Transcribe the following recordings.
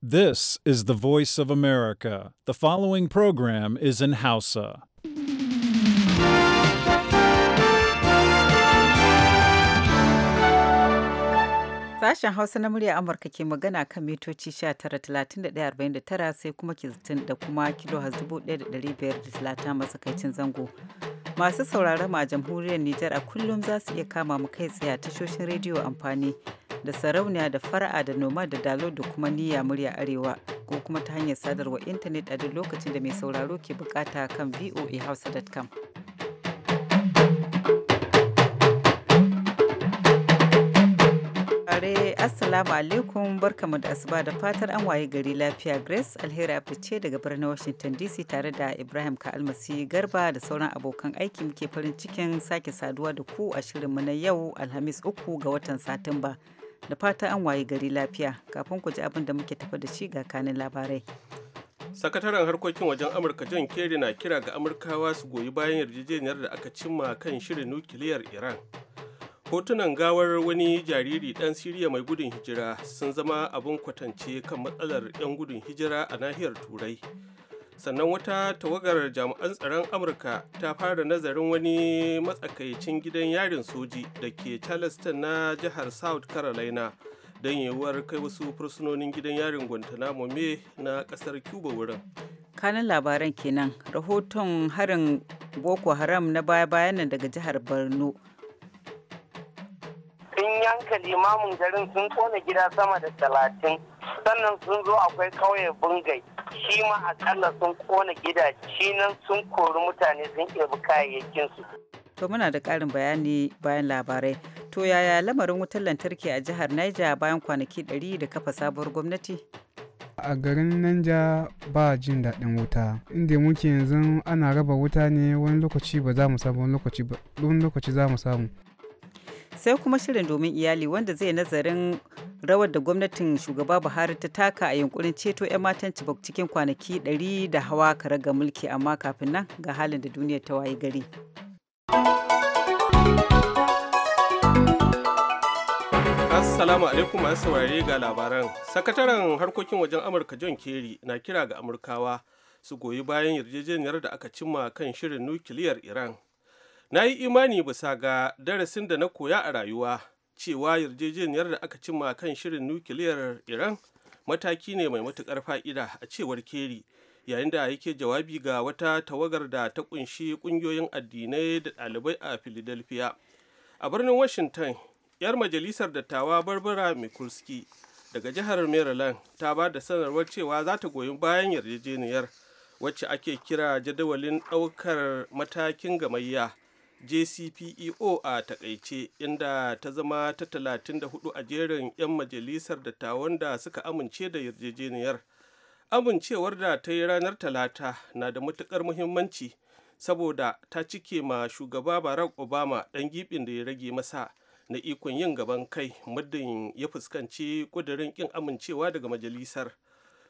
This is the voice of America. The following program is in Hausa. Sashen Hausa na murya Amurka ke magana kan mitoci 19,31,49 sai kuma kizitin da kuma kilo 1,530 matsakaicin zango. Masu sauraron a jamhuriyar Nijar a kullum za su iya kama mu kai tsaye tashoshin rediyo amfani. da sarauniya da fara'a da noma da dalo da kuma niyya murya arewa ko kuma ta hanyar sadarwar intanet a duk lokacin da mai sauraro ke bukata kan voahouse.com. assalamu alaikum barkamu da asuba da fatar an waye gari lafiya grace alheri abdu ce daga birnin washington dc tare da ibrahim almasi garba da sauran abokan aiki muke farin cikin sake saduwa da ku a shirin mu na yau alhamis uku ga watan satumba da fata an waye gari lafiya kafin ku ji abin da muke tafi da shi ga kanin labarai sakataren harkokin wajen amurka john kerry na kira ga amurkawa su goyi bayan yarjejeniyar da aka cimma kan shirin nukiliyar iran hotunan gawar wani jariri dan siriya mai gudun hijira sun zama abin kwatance kan matsalar 'yan gudun hijira a nahiyar turai sannan wata tawagar jami'an tsaron amurka ta fara nazarin wani matsakaicin gidan yarin soji da ke charleston na jihar south carolina don yiwuwar kai wasu fursunonin gidan yarin guantanamo me na kasar cuba wurin kanan labaran kenan rahoton harin boko haram na baya-bayan daga jihar borno yanka limamin garin sun kone gida sama da talatin sannan sun zo akwai kauye bungai shi ma akalla sun kone gida shi nan sun kori mutane sun ɗebi kayayyakinsu. To muna da karin bayani bayan labarai. To yaya lamarin wutar lantarki a jihar Niger bayan kwanaki 100 da kafa sabuwar gwamnati? a garin Nanja ba jin daɗin wuta inda muke yanzu ana raba wuta ne wani lokaci ba za mu samu wani lokaci za mu samu sai kuma shirin domin iyali wanda zai nazarin rawar da gwamnatin shugaba buhari ta taka a yunkurin ceto 'yan matan cibok cikin kwanaki 100 da hawa ga mulki amma kafin nan ga halin da duniyar ta waye gari assalamu alaikum masu saurare ga labaran sakataren harkokin wajen amurka john kerry na kira ga amurkawa su goyi bayan yarjejeniyar da aka cimma kan shirin nukiliyar iran na yi imani bisa ga darasin da na koya a rayuwa cewa yarjejeniyar da aka cimma kan shirin nukiliyar iran mataki ne mai matukar fa'ida a cewar keri yayin da yake jawabi ga wata tawagar da ta kunshi kungiyoyin addinai da ɗalibai a philadelphia a birnin washington yar majalisar dattawa barbara mikulski daga jihar maryland ta ba da sanarwar cewa za ta goyi bayan yarjejeniyar wacce ake kira jadawalin ɗaukar matakin gamayya jcpeo a takaice inda ta zama ta 34 a jerin 'yan majalisar dattawan da suka amince da yarjejeniyar amincewar da ta yi ranar talata na da matuƙar muhimmanci saboda ta cike ma shugaba barack obama ɗan gibin da ya rage masa na ikon yin gaban kai muddin ya fuskanci kudirin kin amincewa daga majalisar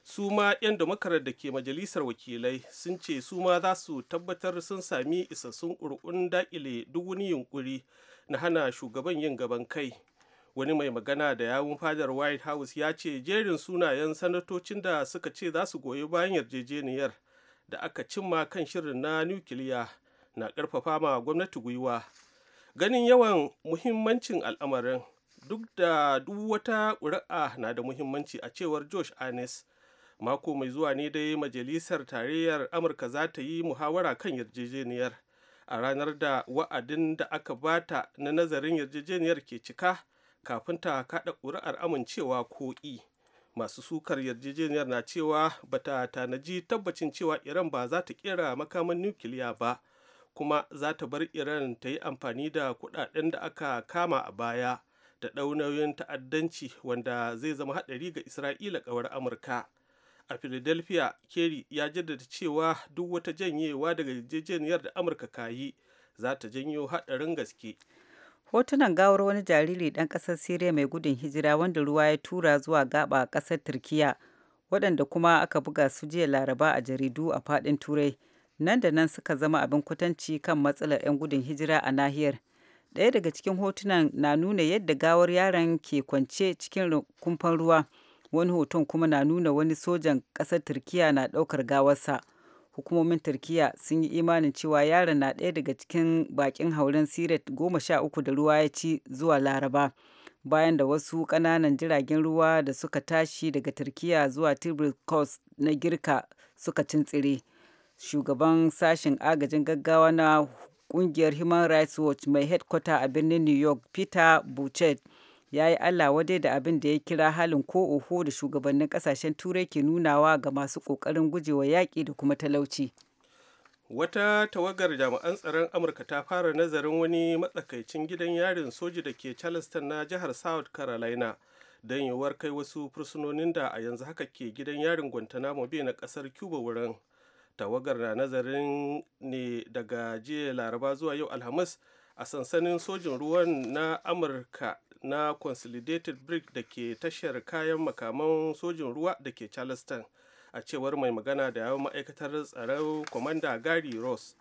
su ma 'yan damakarar da ke majalisar wakilai sun ce su ma za su tabbatar sun sami isassun ƙuri'un dakile duk wani yunkuri na hana shugaban yin gaban kai wani mai magana da yawun fadar white house ya ce jerin sunayen sanatocin da suka ce za su goyi bayan yarjejeniyar da aka cimma kan shirin na nukiliya na ƙarfafa ma gwamnati gwiwa ganin yawan muhimmancin al'amarin duk da duk wata ƙuri'a na da muhimmanci a cewar josh arnes mako mai zuwa ne dai majalisar tarayyar amurka za ta yi muhawara kan yarjejeniyar a ranar da wa'adin da aka bata na nazarin yarjejeniyar ke cika kafin ta kada ƙuri'ar amincewa ko i masu sukar yarjejeniyar na cewa bata tanaji tabbacin cewa iran ba za ta kera makaman nukiliya ba kuma za ta bar iran ta yi amfani da kuɗaɗen da aka kama a baya da ɗaunayoyin ta'addanci wanda zai zama haɗari ga isra'ila ƙawar amurka a philadelphia kerry ya jaddada cewa duk wata janyewa daga yarjejeniyar da amurka ka yi za ta janyo haɗarin gaske hotunan gawar wani jariri ɗan ƙasar syria mai gudun hijira wanda ruwa ya tura zuwa gaba ƙasar turkiya waɗanda kuma aka buga su jiya laraba a jaridu a faɗin turai nan da nan suka zama abin kwatanci kan matsalar 'yan gudun hijira a nahiyar ɗaya daga cikin hotunan na nuna yadda gawar yaron ke kwance cikin kumfan ruwa wani hoton kuma na nuna wani sojan ƙasar turkiya na ɗaukar gawarsa hukumomin turkiya sun yi imanin cewa yaron na ɗaya daga cikin bakin hauren siret goma sha uku da ruwa ya ci zuwa laraba bayan da wasu ƙananan jiragen ruwa da suka tashi daga turkiya zuwa tibir coast na girka suka tsire shugaban sashen agajin gaggawa na kungiyar human rights watch mai headquarter a birnin new york peter buchet ya yi Allah wadai da abin da ya kira halin ko oho da shugabannin kasashen turai ke nunawa ga masu ƙoƙarin gujewa yaƙi da kuma talauci. Wata tawagar jami'an tsaron Amurka ta fara nazarin wani matsakaicin gidan yarin soji da ke Charleston na jihar South Carolina don yiwuwar kai wasu fursunonin da a yanzu haka ke gidan yarin Guantanamo bai na ƙasar Cuba wurin. Tawagar na nazarin ne daga jiya Laraba zuwa yau Alhamis a sansanin sojin ruwan na amurka na consolidated brick da ke tashar kayan makaman sojin ruwa da ke charleston a cewar mai magana da yawon ma'aikatar tsaron kwamanda gary ross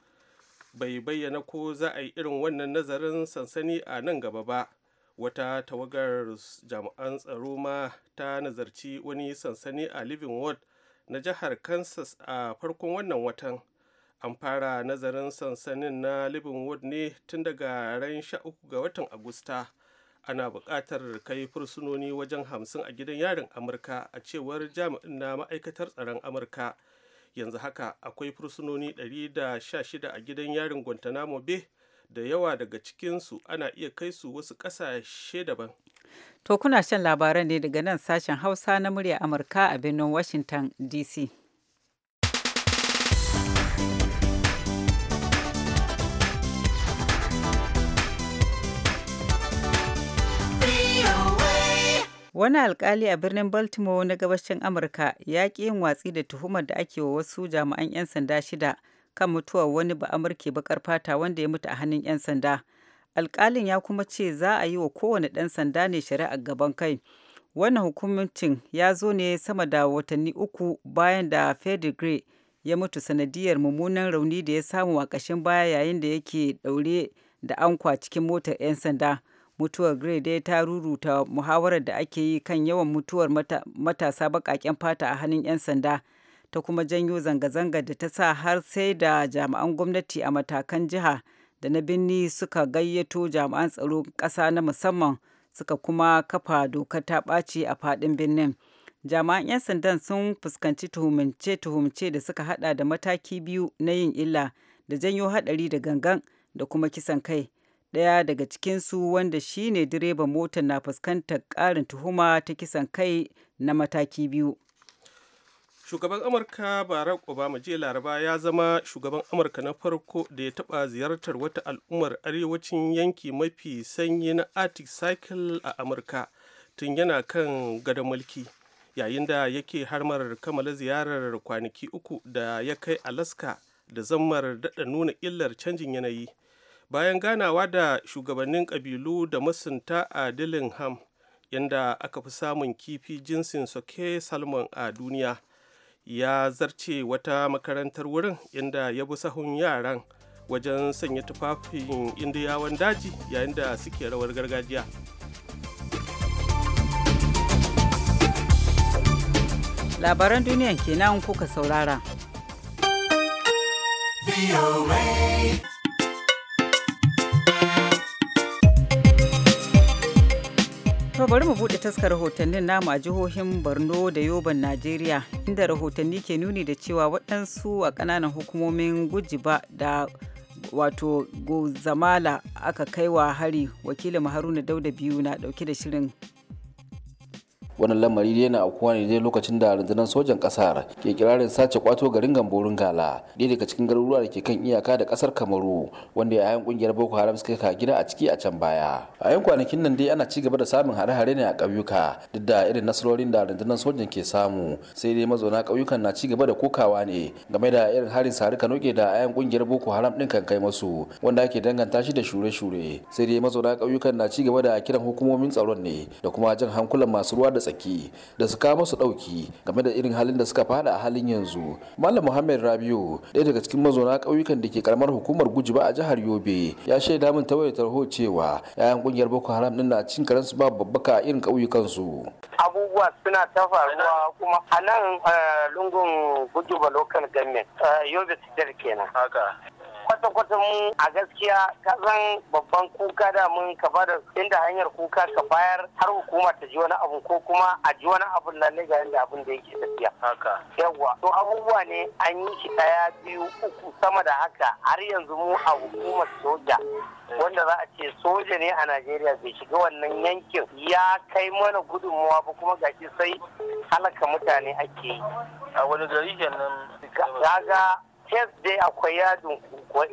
bai bayyana ko za a yi irin wannan nazarin sansani a nan gaba ba wata tawagar jami'an tsaro ma ta nazarci wani sansani a living World na jihar kansas a farkon wannan watan an fara nazarin sansanin na livingwood ne tun daga ran uku ga watan agusta ana buƙatar kai fursunoni wajen hamsin a gidan yarin amurka a cewar jami'in na ma'aikatar tsaron amurka yanzu haka akwai fursunoni 116 a gidan yarin guantanamo bay da yawa daga cikinsu ana iya kai su wasu ƙasashe daban to kuna shan labaran ne daga nan sashen hausa na murya amurka a birnin washington dc Wani alkali a birnin Baltimore na gabashin Amurka ya ƙi yin watsi da tuhumar da ake wa wasu jami'an 'yan sanda shida kan mutuwar wani ba Amurke baƙar fata wanda ya mutu a hannun 'yan sanda. Alkalin ya kuma ce za a yi wa kowane ɗan sanda ne shari'ar gaban kai. Wannan hukumancin ya zo ne sama da watanni uku bayan da fedigre ya mutu sanadiyar mummunan rauni da ya samu a ƙashin baya yayin da yake ɗaure da ankwa cikin motar 'yan sanda. mutuwar gray dai ta ruruta muhawarar da ake yi kan yawan mutuwar matasa baƙaƙen fata a hannun 'yan sanda ta kuma janyo zanga zanga da ta sa har sai da jami'an gwamnati a matakan jiha da na birni suka gayyato jami'an tsaro ƙasa na musamman suka kuma kafa dokar ta ɓaci a faɗin birnin jami'an 'yan sandan sun fuskanci tuhumce-tuhumce da suka hada da mataki biyu na yin illa da janyo haɗari da gangan da kuma kisan kai ɗaya daga cikinsu wanda shine ne direban motar na fuskantar ƙarin tuhuma ta kisan kai na mataki biyu shugaban amurka barack obama jiya laraba ya zama shugaban amurka na farko da ya taba ziyartar wata al'ummar arewacin yanki mafi sanyi na arctic cycle a amurka tun yana kan gadon mulki yayin da yake harmar kammala ziyarar kwanaki uku da ya kai alaska da zammar daɗa nuna illar canjin yanayi bayan ganawa da shugabannin ƙabilu da masunta a dillingham yadda aka fi samun kifi jinsin soke salmon a duniya ya zarce wata makarantar wurin yadda ya bi sahun yaran wajen sanya tufafin indiyawan daji yayin da suke rawar gargajiya labaran duniyan kenan kuka saurara. To bari mu buɗe taskar rahotannin namu a jihohin Borno da Yoban Najeriya inda rahotanni ke nuni da cewa waɗansu a ƙananan hukumomin Gujiba da wato Gozamala aka kaiwa hari wakilin Haruna Dauda biyu na ɗauke da shirin wannan lamari dai na aukuwa ne dai lokacin da rundunar sojan kasar ke kirarin sace kwato garin gamborin gala ɗaya daga cikin garuruwa da ke kan iyaka da kasar kamaru wanda yayan kungiyar boko haram suka ka gida a ciki a can baya a yan kwanakin nan dai ana ci gaba da samun hare-hare ne a ƙauyuka duk da irin nasarorin da rundunar sojan ke samu sai dai mazauna ƙauyukan na ci gaba da kokawa ne game da irin harin sari noke da ayan kungiyar boko haram din kan kai masu wanda ake danganta shi da shure-shure sai dai mazauna ƙauyukan na ci gaba da kiran hukumomin tsaron ne da kuma jan hankulan masu ruwa da tsaki da su kawo masu ɗauki game da irin halin da suka fada a halin yanzu malam muhammad rabiu ɗaya daga cikin mazauna ƙauyukan da ke karamar hukumar gujiba a jihar yobe ya shaida min ta ho cewa yayan ƙungiyar boko haram din na cin karansu ba babbaka a irin ƙauyukan su abubuwa suna ta faruwa kuma a nan eh, lungun ba lokal gamin yobe kenan kwata-kwata mu a gaskiya ka zan babban kuka da mun ka bada inda hanyar kuka ka bayar har hukuma ta ji wani abu ko kuma a ji wani abu na ne ga yadda abin da yake tafiya. Haka. Yawwa. To abubuwa ne an yi shi ɗaya biyu uku sama da haka har yanzu mu a hukumar soja. Wanda za a ce soja ne a Najeriya bai shiga wannan yankin ya kai mana gudunmuwa ba kuma gashi sai halaka mutane ake yi. A wani gari kenan. Gaga kes dai akwai yadin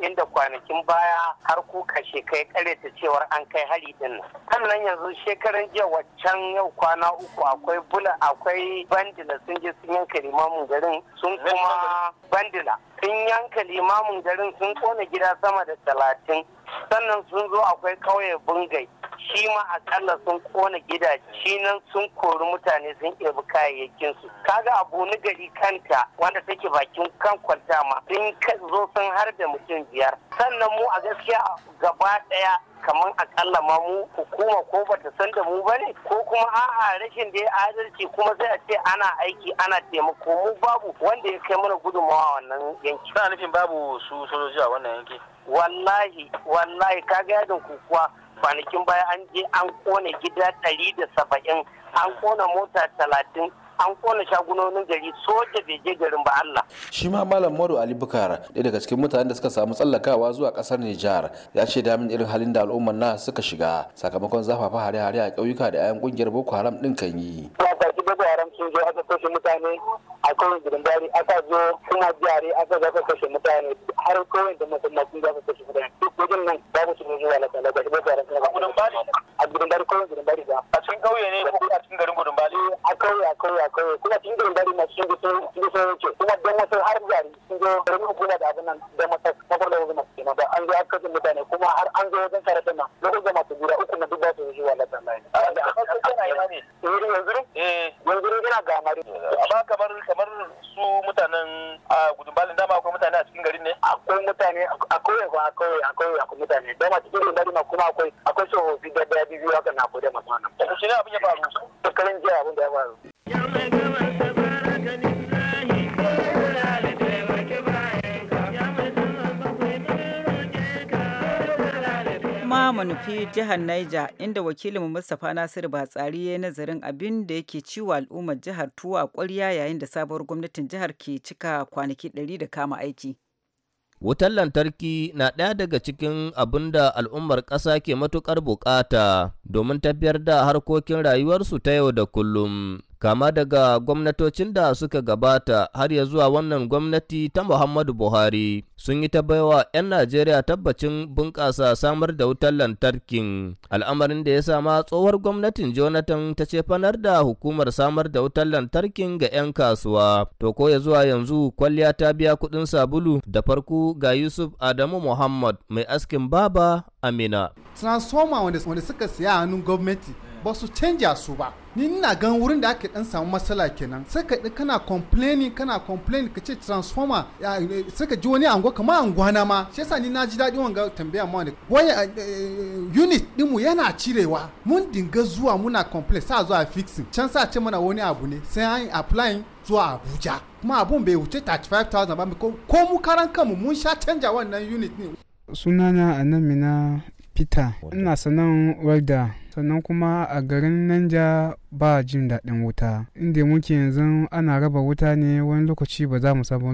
inda kwanakin baya har kuka shekai kare ta cewar an kai hari din nan sannan yanzu shekaran jiya waccan yau kwana uku akwai bula akwai bandila sun je sun yanka limamin garin sun kuma bandila sun yanka limamin garin sun kona gida sama da talatin sannan sun zo akwai kauye bungai shi ma akalla sun kona gidaje nan sun kori mutane sun ɗebi kayayyakin su kaga abu ni gari kanta wanda take bakin kan kwanta ma sun zo sun harbe mutum biyar sannan mu a gaskiya gaba ɗaya kamar akalla ma mu hukuma ko bata san da mu bane ko kuma a'a rashin da ya adalci kuma sai a ce ana aiki ana taimako mu babu wanda ya kai mana gudunmawa wannan yanki. Kana nufin babu su sojoji a wannan yanki? Wallahi wallahi ga yadin kukuwa kwanakin baya an je an kone gida ɗari da saba'in an kona mota talatin an kona shagunonin gari soja bai je garin ba Allah. Shi ma Malam Madu Ali Bukar ɗaya daga cikin mutanen da suka samu tsallakawa zuwa ƙasar Nijar ya ce damin irin halin da al'ummar na suka shiga sakamakon zafafa hare-hare a ƙauyuka da 'ya'yan ƙungiyar Boko Haram ɗin kan yi. boko sun zo aka kashe mutane a kawai gidan dare aka zo suna jare aka zaka kashe mutane har kawai da masallacin zaka kashe mutane duk wajen nan babu su ne zuwa lafiya lafiya boko haram suna ba a gidan dari kawai gidan dari ba a cikin kauye ne ko a cikin garin gudun bali a kauye a kauye a kauye kuma cikin gidan dari masu sun gusa sun gusa wuce kuma don wasu har jari sun zo garin hukuma da abin nan da masu kafar da wajen masu kenan ba an zo aka kashe mutane kuma har an zo wajen karatu na lokacin da masu gura uku na duk ba su zuwa kala lafiya jihar Niger inda wakilin Mustapha Nasiru Batsari ya yi nazarin abin da yake ciwo al'ummar jihar tuwa a ƙwarya yayin da sabuwar gwamnatin jihar ke cika kwanaki 100 da kama aiki. Wutar lantarki na ɗaya daga cikin abin da al'ummar ƙasa ke matuƙar buƙata domin tafiyar da harkokin rayuwarsu ta yau da kullum. kama daga gwamnatocin da suka gabata har ya zuwa wannan gwamnati ta Muhammadu Buhari sun yi ta baiwa 'yan Najeriya tabbacin bunƙasa samar da wutar lantarkin al'amarin da ya sama tsohuwar gwamnatin Jonathan ta ce fanar da hukumar samar da wutar lantarkin ga 'yan kasuwa to ko ya zuwa yanzu kwalliya ta biya kuɗin sabulu da farko ga Yusuf Adamu Muhammad mai askin baba Amina. Transformer wanda suka siya hannun gwamnati ba su canja su ba ni ina gan wurin da ake dan samu matsala kenan sai ka kana complaining kana complaining ka ce transformer eh, sai ka ji wani anguwa kamar angwana ma shi yasa ni na ji daɗi wanga tambaya ma waya eh, eh, unit dinmu yana cirewa mun dinga zuwa muna complain sa zuwa fixing can sa ce mana wani abu ne sai an applying zuwa abuja kuma abun bai wuce 35,000 ba ko mu karan kanmu mun sha canja wannan unit ne sunana anamina peter ina sanan welder sannan kuma a garin nanja ba jin daɗin wuta inda muke yanzu ana raba wuta ne wani lokaci ba za mu samu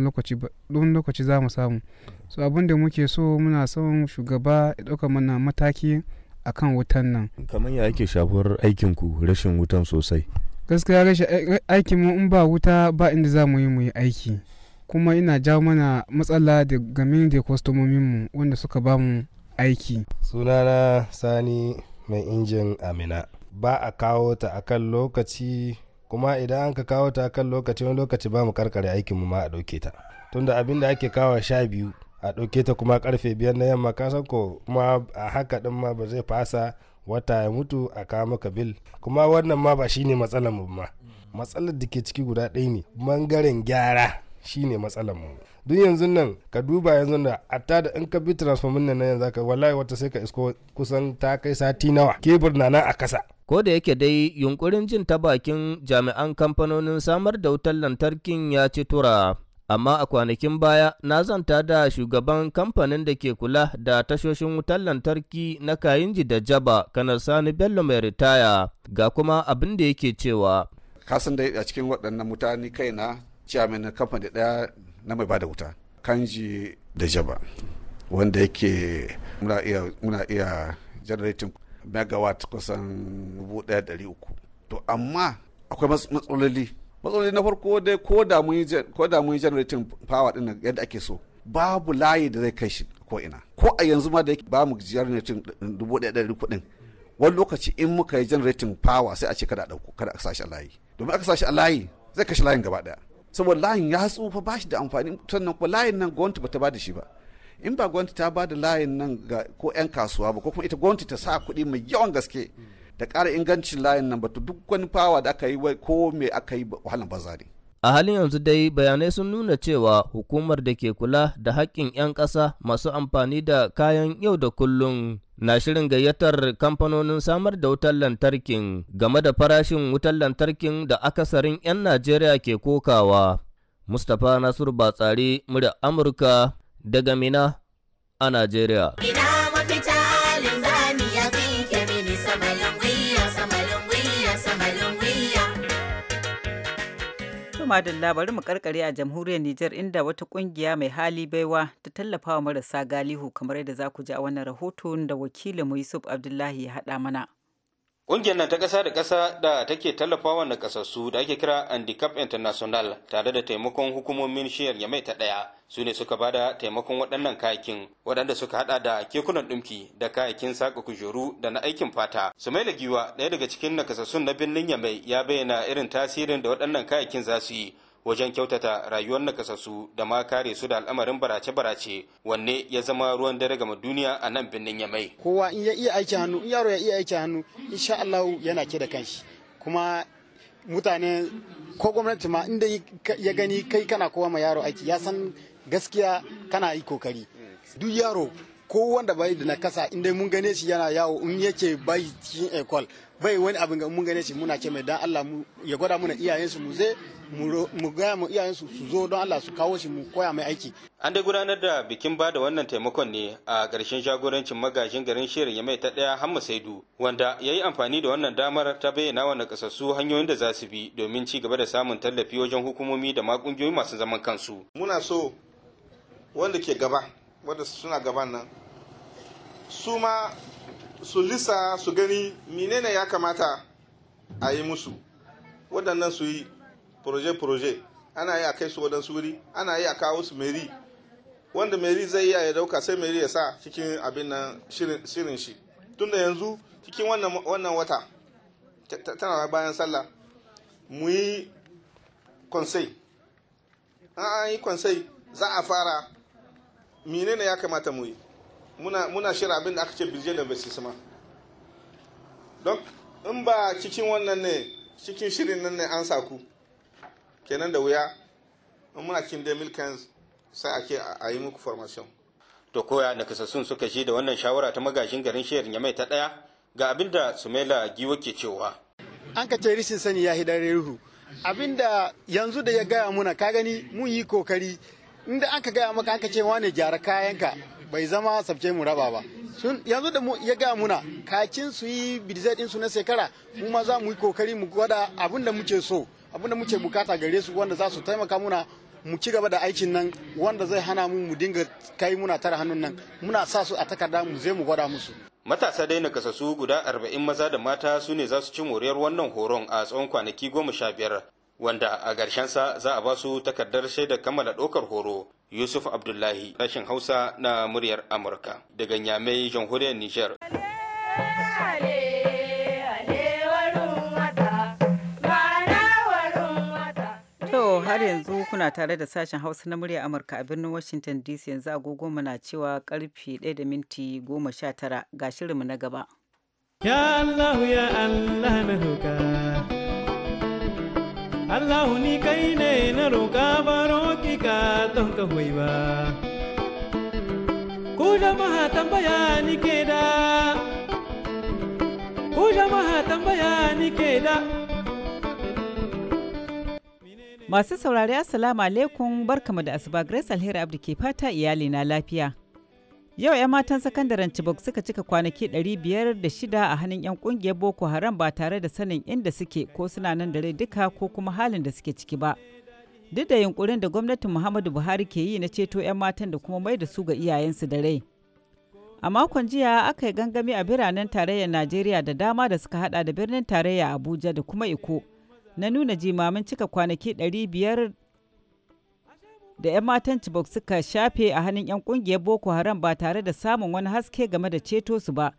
wani lokaci za mu samu so abin da muke so muna son shugaba ya ɗauka mana mataki a kan wutan nan kamar ya ake shafar aikinku rashin wutan sosai gaskiya rashin aikin mu in ba wuta ba inda za mu yi mu yi aiki kuma ina jawo mana matsala da game da kwastomomin mu wanda suka ba mu aiki sunana sani mai injin amina ba a kawo ta a kan lokaci kuma idan an ka kawo ta a kan lokaci wani lokaci ba mu karkare aikin mu ma a ɗauke ta tunda abin da ake kawo sha biyu a ɗauke ta kuma karfe biyar na yamma ka san ko kuma a haka din ma ba zai fasa wata ya mutu a kawo maka bil kuma wannan ma ba shine matsalar mu ba matsalar da ke ciki guda ɗaya ne bangaren gyara shine matsalar mu duk yanzu nan ka duba yanzu da hatta da in ka bi transformin nan yanzu ka wallahi wata sai ka isko kusan ta kai sati nawa kebur na nan a kasa ko da yake dai yunkurin jin ta bakin jami'an kamfanonin samar da wutar lantarkin ya ci tura amma a kwanakin baya na zanta da shugaban kamfanin da ke kula da tashoshin wutar lantarki na kayinji da jaba kanar sani bello mai ritaya ga kuma abin da yake cewa kasan dai a cikin waɗannan mutane kai kaina jami'in kamfani ɗaya na mai bada wuta kanji da jaba wanda yake muna iya muna iya generating megawatt kusan 1300 to amma akwai matsaloli matsaloli na farko dai ko da mun yi ko da mun yi power din yadda ake so babu layi da zai kai shi ko ina ko a yanzu ma da yake ba mu generating dari kudin wani lokaci in muka yi generating power sai a ce kada kada a sashi a layi domin aka sashi a layi zai kashe layin gaba daya saboda layin ya tsufa ba shi da amfani sannan kuma layin nan gwamnati bata ba da shi ba in ba gwamnati ta ba da layin nan ga ko 'yan kasuwa ba ko kuma ita gwamnati ta sa kuɗi mai yawan gaske da ƙara ingancin layin nan ba to duk wani fawa da aka yi ko me aka yi wahalan bazari ne A halin yanzu dai bayanai sun nuna cewa hukumar da ke kula da haƙƙin 'yan ƙasa masu amfani da kayan yau da kullum na shirin gayyatar kamfanonin samar da wutar lantarkin game da farashin wutar lantarkin da akasarin 'yan Najeriya ke kokawa. Mustapha Nasiru Batsari, murya Amurka daga Mina a Najeriya. madalla bari mu karkare a jamhuriyar Nijar inda wata kungiya mai hali baiwa ta tallafa wa marasa galihu kamar yadda za ku ji a wannan rahoton da wakilinmu Yusuf Abdullahi ya haɗa mana. Ƙungiyar nan ta ƙasa da ƙasa da take tallafawa na ƙasassu da ake kira Handicap International tare da taimakon hukumomin shiyar ya mai ta ɗaya su ne suka bada taimakon waɗannan kayakin waɗanda suka haɗa da kekunan ɗumki da kayakin saƙa kujeru da na aikin fata. Sumaila Giwa ɗaya daga cikin nakasassun na birnin mai ya bayyana irin tasirin da waɗannan kayakin za su yi wajen kyautata rayuwar nakasassu da ma kare su da al'amarin barace-barace wanne ya zama ruwan dare ga duniya a nan birnin yamai kowa in ya iya aiki hannu in yaro ya iya aiki hannu insha Allah yana ke da kanshi kuma mutane ko gwamnati ma inda ya gani kai kana kowa ma yaro aiki ya san gaskiya kana yi kokari duk yaro ko wanda bai da nakasa inda mun gane shi yana yawo in yake bai cikin ekol bai wani abin ga mun gane shi muna ce mai dan Allah mu ya gwada mana iyayensu mu zai mu gaya mu iyayensu su zo don Allah su kawo shi mu koya mai aiki. An dai gudanar da bikin ba da wannan taimakon ne a ƙarshen jagorancin magajin garin shirin ya ta ɗaya Hamma Saidu wanda ya yi amfani da wannan damar ta bayyana wa nakasassu hanyoyin da za su bi domin ci gaba da samun tallafi wajen hukumomi da ma ƙungiyoyi masu zaman kansu. Muna so wanda ke gaba wanda suna gaban nan su ma su lisa su gani menene ya kamata a yi musu waɗannan su yi proje-proje ana yi a kai su waɗansu wuri ana yi a kawo su meri wanda meri zai iya ya dauka sai meri ya sa cikin abin nan shirin shi tunda yanzu cikin wannan wata tana bayan sallah mu yi konsai an yi konsai za a fara menene ya kamata mu yi muna shirin abin da aka ce birje da basisma don in ba cikin wannan ne cikin shirin nan ne an saku kenan da wuya in muna cikin da sai ake a yi muku formation to koya da kasassun suka shi da wannan shawara ta magashin garin shehar mai ta daya ga abin da sumaila giwa ke cewa an ka ce rishin sani ya hidare ruhu abinda yanzu da ya gaya muna ka gani mun yi kokari inda an ka gaya maka an ka ce wane gyara kayanka bai zama sabce mu raba ba sun yanzu da mu ya ga muna kakin su yi bidizai din su na shekara mu ma za mu yi kokari mu gwada abin da muke so abin da muke bukata gare su wanda za su taimaka muna mu ci gaba da aikin nan wanda zai hana mu mu dinga kai muna tara hannun nan muna sa su a takarda mu zai mu gwada musu matasa dai nakasassu guda arba'in maza da mata su ne za su ci moriyar wannan horon a tsawon kwanaki goma sha biyar wanda a sa za a ba su takardar shaidar kammala ɗaukar horo yusuf abdullahi rashin hausa na muryar amurka daga nyamai jamhuriyar niger har yanzu kuna tare da sashen hausa na murya amurka a birnin washington dc yanzu agogo na cewa karfe 1 da minti 19 ga shirinmu na gaba ya allah ya allah na Allah kai ne na roƙa baro ki ka ba. Ku ke da, ku Masu saurari Assalamu alaikum barkamu da asuba Grace Alheri Abdi ke fata iyali na lafiya. Yau 'yan matan sakandaren Chibok suka cika kwanaki da shida a hannun 'yan kungiyar Boko Haram ba tare da sanin inda suke ko suna nan da rai duka ko kuma halin da suke ciki ba. Duk da yunkurin da gwamnatin Muhammadu Buhari ke yi na ceto 'yan matan da kuma mai da su ga iyayensu da rai. A makon jiya aka yi gangami a biranen tarayyar Najeriya da dama da suka hada da birnin tarayya Abuja da kuma Iko. Na nuna jimamin cika kwanaki biyar. da 'yan matan Chibok suka shafe a hannun 'yan kungiyar Boko Haram ba tare da samun wani haske game da ceto su ba.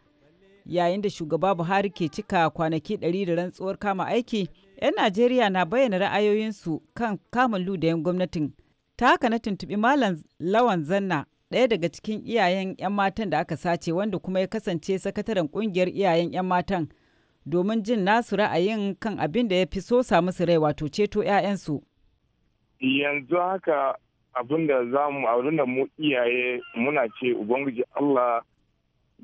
Yayin da shugaba Buhari ke cika kwanaki 100 da rantsuwar kama aiki, 'yan Najeriya na bayyana ra'ayoyinsu kan kamun ludayen gwamnatin. Ta haka na tuntuɓi Malam Lawan Zanna, ɗaya daga cikin iyayen 'yan matan da aka sace wanda kuma ya kasance sakataren kungiyar iyayen 'yan matan. domin jin nasu ra'ayin kan abin da ya fi so samu su rai wato ceto 'ya'yansu. Yanzu haka abinda za mu abinda mu iyaye muna ce ubangiji Allah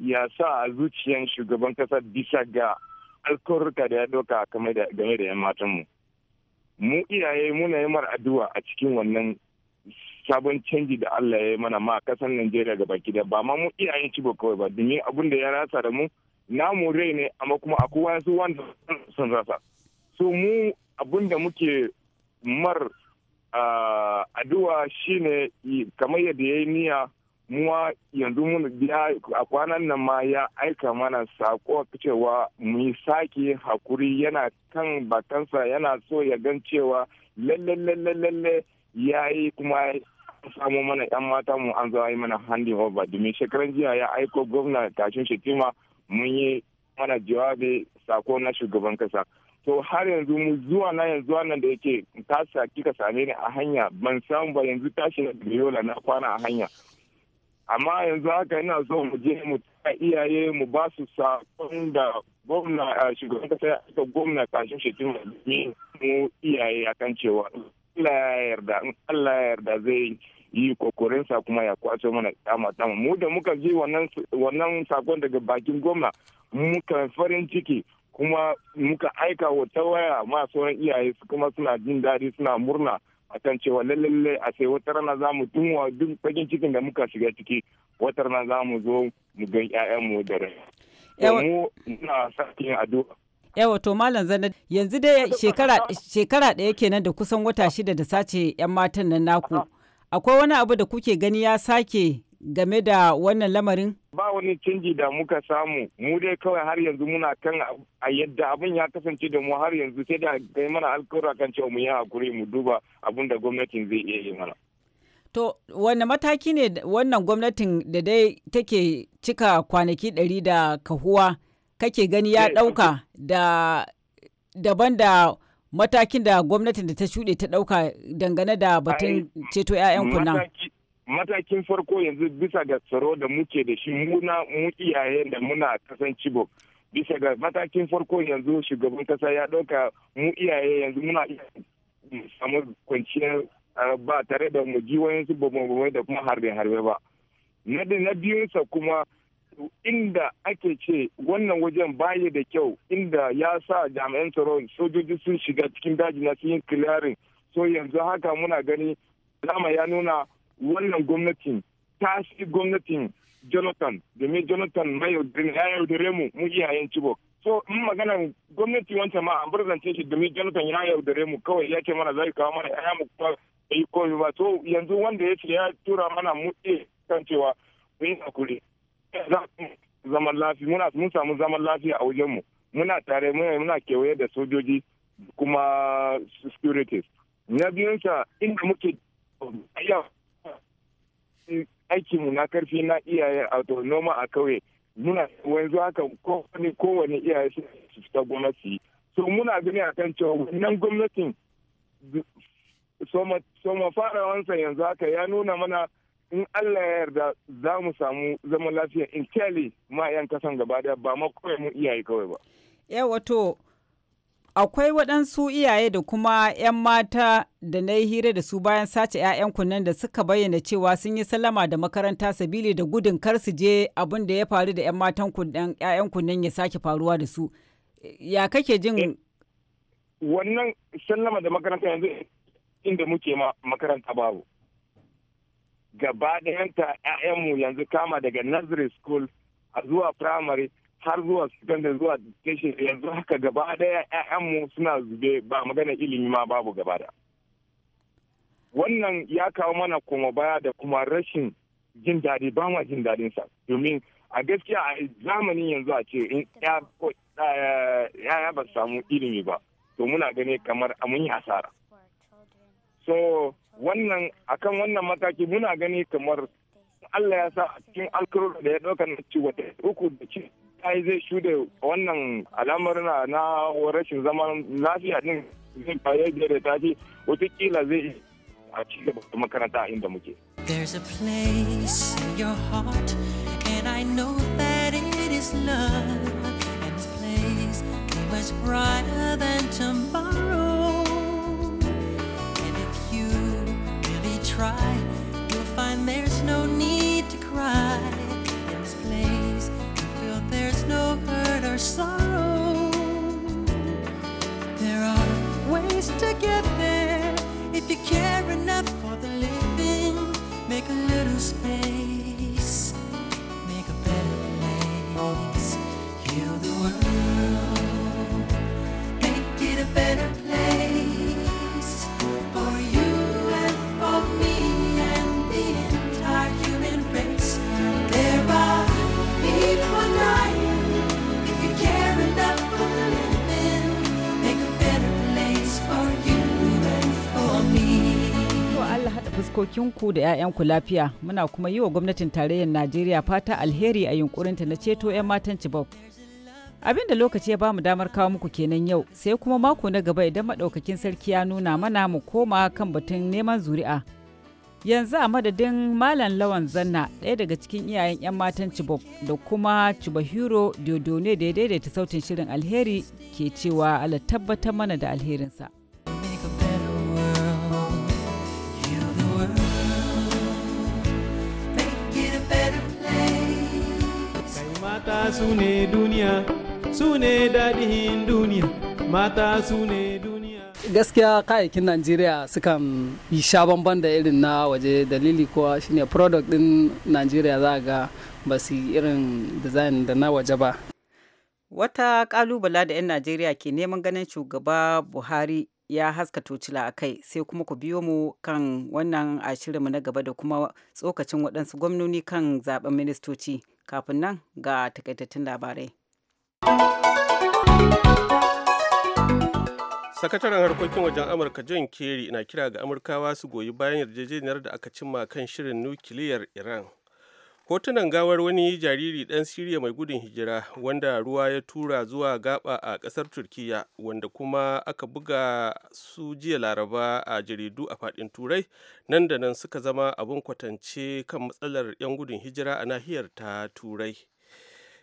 ya sa a zuciyan shugaban kasa bisa ga alkawarka da ya doka game da yan matan mu mu iyaye muna yi addu'a a cikin wannan sabon canji da Allah ya yi mana ma kasan Najeriya ga baki da ba ma mu iyaye ci ba kawai ba domin abin da ya rasa da mu namu rai ne amma kuma akwai wasu wanda sun rasa so mu abin da muke mar addu'a shine kamar yadda ya yi niyya muwa yanzu mun a kwanan nan ma ya aika mana sako cewa mu sake hakuri yana kan bakansa yana so ya gan cewa lalle lalle lalle ya yi kuma samu mana yan mata mu an zo yi mana handing over domin shekaran jiya ya aiko gwamna tashin shekima mun yi mana jawabi sako na shugaban kasa to har yanzu mu zuwa na yanzu wannan da yake kasa kika same ni a hanya ban samu ba yanzu tashi da yola na kwana a hanya amma yanzu haka ina so mu je mu ta iyaye mu ba su sakon da gwamna a shugaban kasa ya aika gwamna kashin shekaru mu iyaye kan cewa Allah yarda in Allah ya yarda zai yi sa kuma ya kwaso mana dama dama mu da muka ji wannan sakon daga bakin gwamna muka farin ciki kuma muka aika wa ta waya ma sauran iyaye su kuma suna jin daɗi suna murna akan cewa lalle a sai wata rana za mu tunwa duk bakin cikin da muka shiga ciki wata rana za mu zo mu gan 'ya'yanmu da rai. sakin addu'a. yawa to malam zanar yanzu dai shekara ɗaya kenan da kusan wata shida da sace 'yan matan nan naku akwai wani abu da kuke gani ya sake game da wannan lamarin? Ba wani canji da muka samu, mu dai kawai har yanzu muna kan a yadda abin ya kasance da mu har yanzu sai da gai mana alkawura kan cewa mu yi hakuri mu duba abin da gwamnatin zai iya yi mana. To, wanne mataki ne wannan gwamnatin da dai take cika kwanaki ɗari da kahuwa kake gani ya eh, ɗauka da daban da matakin da gwamnatin da ta shuɗe ta ɗauka dangane da batun ceto 'ya'yan kunan. matakin farko yanzu bisa ga tsaro da muke da shi muna mu iyaye da muna kasan cibo bisa ga matakin farko yanzu shugaban kasa ya ɗauka mu iyaye yanzu muna samu kwanciyar ba tare da mu ji wayansu bambamai da kuma harbe harbe ba na biyunsa kuma inda ake ce wannan wajen baya da kyau inda ya sa jami'an tsaro sojoji sun shiga cikin daji na sun yi so yanzu haka muna gani alama ya nuna wannan gwamnatin ta shi gwamnatin jonathan domin jonathan din ya yaudare mu mu iyayen chibok so in magana gwamnati wancan ma an barzance shi domin jonathan ya yaudare mu kawai ya ce mana zai kawo mana ya mu kuma yi komi ba so yanzu wanda ya ce ya tura mana mu kan cewa mun yi hakuri zaman lafiya muna mun samu zaman lafiya a wajen mu muna tare muna kewaye da sojoji kuma securities na biyunsa inda muke iya aikinmu na karfi na iyaye a noma a kauye muna wanzu haka kowane kowane iyaye su fita gwamnati to muna gani a kan cewa wannan gwamnatin soma wansa yanzu haka ya nuna mana in Allah ya yarda za mu samu zaman lafiya in kyale ma 'yan kasan gaba daya ba ma kawai mu iyaye kawai ba. akwai waɗansu iyaye da kuma 'yan mata da na yi hira da su bayan sace 'ya'yan kunnen da suka bayyana cewa sun yi salama da makaranta sabili da gudun kar su je abin da ya faru da 'yan matan 'ya'yan kunnen ya sake faruwa da su ya kake jin eh, wannan sallama da makaranta yanzu inda muke ma makaranta babu gaba ɗayanta 'ya'yanmu yanzu kama daga nursery school a zuwa primary har zuwa da zuwa distinction yanzu haka gaba daya ƴaƴanmu suna zube ba magana ilimi ma babu gaba da wannan ya kawo mana koma baya da kuma rashin jin daɗi ba ma jin daɗin sa domin a gaskiya a zamanin yanzu a ce in ya ba samu ilimi ba to muna gani kamar mun yi asara so wannan akan wannan mataki muna gani kamar Allah ya sa cikin alkawarin da ya ɗauka na ci wata uku da ci ai zai shuɗe wannan alamar na rashin zaman lafiya din zai baya da ta ce zai a ci gaba da makaranta inda muke. There's a place in your heart and I know that it is love and this try sorrow. There are ways to get ku da 'ya'yanku lafiya muna kuma yi wa gwamnatin tarayyar najeriya fata alheri a yunkurinta na ceto 'yan matan cibok abin da lokaci ya ba mu damar kawo muku kenan yau sai kuma mako na gaba idan maɗaukakin sarki ya nuna mana mu koma kan batun neman zuri'a yanzu a madadin malam lawan zanna ɗaya daga cikin iyayen 'yan matan cibok da kuma cibahiro diodone da ya daidaita sautin shirin alheri ke cewa ala tabbatar mana da alherinsa mata su ne duniya su ne duniya mata su duniya gaskiya kayayyakin najeriya sukan yi sha bamban da irin na waje dalili kuwa shine product din najeriya za ga ba su irin design da na waje ba wata kalubala da 'yan najeriya ke neman ganin shugaba buhari ya haska tocila a kai sai kuma ku biyo mu kan wannan a na gaba da kuma tsokacin waɗansu gwamnoni kan zaɓen ministoci kafin nan ga takaitattun labarai. sakataren harkokin wajen amurka john kerry na kira ga amurkawa su goyi bayan yarjejeniyar da aka cimma kan shirin nukiliyar iran hotunan gawar wani jariri ɗan siriya mai gudun hijira wanda ruwa ya tura zuwa gaba a ƙasar Turkiyya, wanda kuma aka buga su jiya laraba a jaridu a faɗin turai nan da nan suka zama abin kwatance kan matsalar 'yan gudun hijira a nahiyar ta turai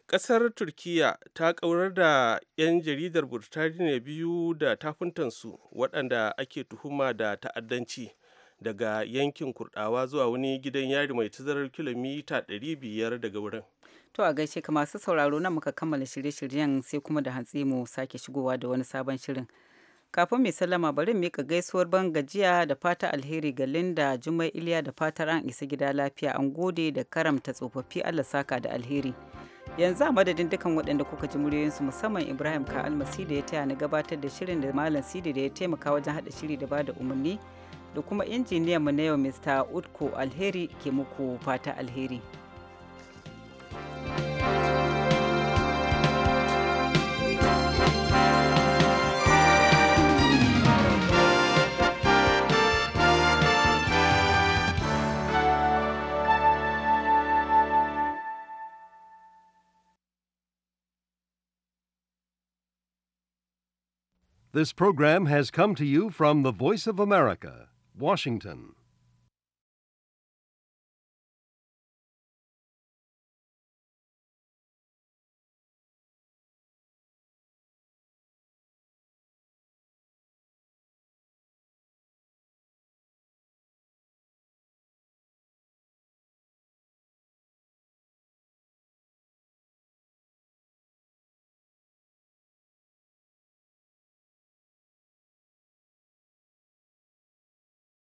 ƙasar Turkiyya ta ƙaurar da 'yan jaridar burtaniya biyu da tafuntansu waɗanda ake tuhuma da ta'addanci daga yankin kurdawa zuwa wani gidan yari mai tazarar kilomita 500 daga wurin To a gaishe ka masu sauraro na muka kammala shirye-shiryen sai kuma da hantsi mu sake shigowa da wani sabon shirin. Kafin mai sallama bari mika gaisuwar ban gajiya da fata alheri ga Linda Jummai Iliya da fatar an isa gida lafiya an gode da karamta tsofaffi Allah saka da alheri. Yanzu a madadin dukan waɗanda kuka ji muryoyinsu musamman Ibrahim Ka da ya taya ni gabatar da shirin da Malam Sidi da ya taimaka wajen haɗa shiri da bada umarni. da kuma na yau Utko Alheri ke muku fata alheri. This program has come to you from the Voice of America. Washington.